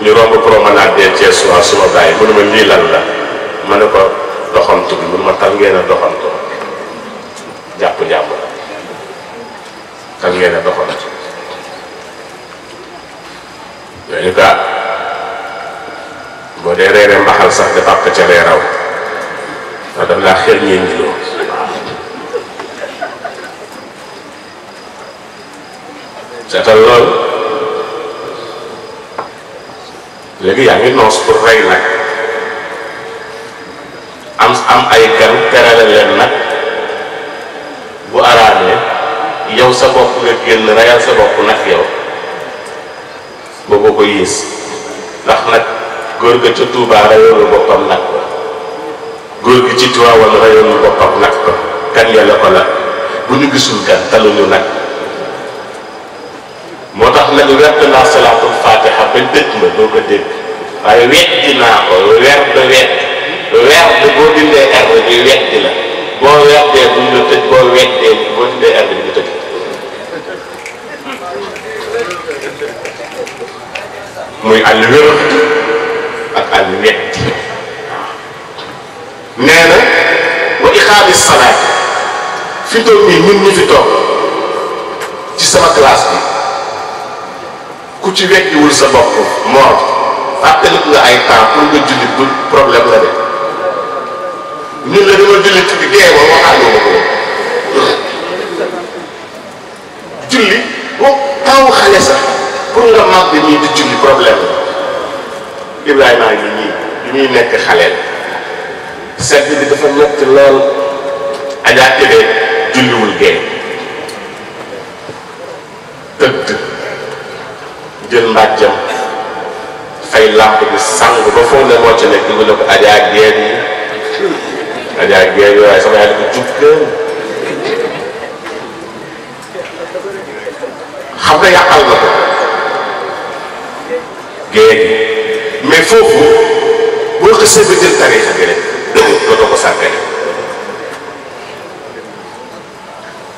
ñu romb promenade ci so waa suma bàyyi mu ne ma lii lan la ma ne ko doxam tu mu ma tal ngeena doxam to japp jàmm la tan ngeen a doxantu yooyu ya, ko boo dee reere mbaxal sax de pàpp ca reeraw ndax da laa xel ñeen ñi loo seetal loolu yaa ngi noos pour rey nag am ay gan terale leen nag bu araamee yow sa bopp nga génn reyal sa bopp nag yow boobu ko yées ndax nag góor ca Tuubaa reyoon na boppam nag ko góor gi ci Tiwaawan reyoon boppam nag kan yàlla la bu ñu gisul gan taluñu nag moo tax nag wert naa salaatul faatiha ba dëkk ma doo ko dégg waaye weddi naa ko werd wedd werd boo bindee r bi weddi la boo weddee duñ la tëj boo weddee boo bindee r bi ñu muy al wér ak al weddi nee na wa iqaamis salaat fi toog ñun ñu fi ci sama classe bi ku ci weddiwul sa bopp moor fàttaliku nga ay temps pour nga jullit du problème la de ñun la dama jullit bi dee ba waxaale ma ko julli boo taw xale sax pour nga màgg nii di julli problème la Ibrahima ngi nii di ñuy nekk xaleel sedd bi dafa nekk lool ajaa tëbe julliwul gee tëdd jël mbàjjam ay làmp di sang ba fo le moo ci nekk dugal na ko Adja Guèye yi Adja Guèye waaye sama yaay ko jub kër xam nga yàqal na ko Guèye mais foofu boo xasee ba jël tarixa bi rek dootoo ko sàggane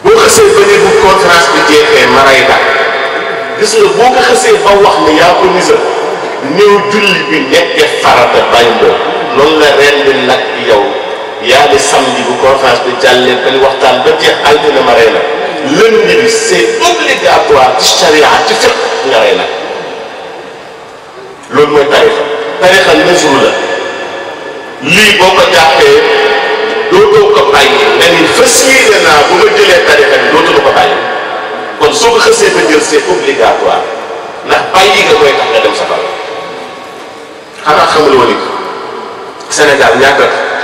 bo xasee ba ni bu conférence bi jeexee maray daal gis nga bo ko xasee ba wax ni ya ko misal néew julli bi nekkee farata bañ ko noonu la ren di nag yow yaa di samedi bu conférence bi jàllee ba waxtaan ba jeex altine ma rey nag lundi bi c'est obligatoire ci charia ci fiq nga rey nag loolu mooy tarixa tarixa mesure la lii boo ko jàppee dootoo ko bàyyi nga ni fas naa bu ma jëlee tarixa bi dootoo ko bàyyi kon soo ko xësee ba jël c'est obligatoire ndax bàyyi nga koy tax nga dem safara xanaa xamul woon ni Sénégal ñaata